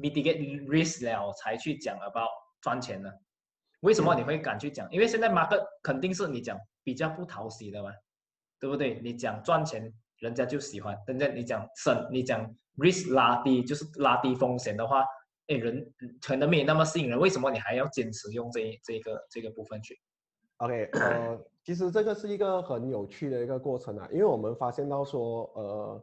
Mitigate risk 了，才去講 about 賺錢呢？為什麼你會敢去講？因為現在 market 肯定是你講比較不討喜的嘛，對不對？你講賺錢，人家就喜歡，真正你講省，你講 risk 拉低，就是拉低風險的話，誒、哎、人全都沒那麼吸引人，為什麼你還要堅持用這一這個這個部分去？OK，呃，其實這個是一個很有趣的一個過程啊，因為我們發現到說，呃。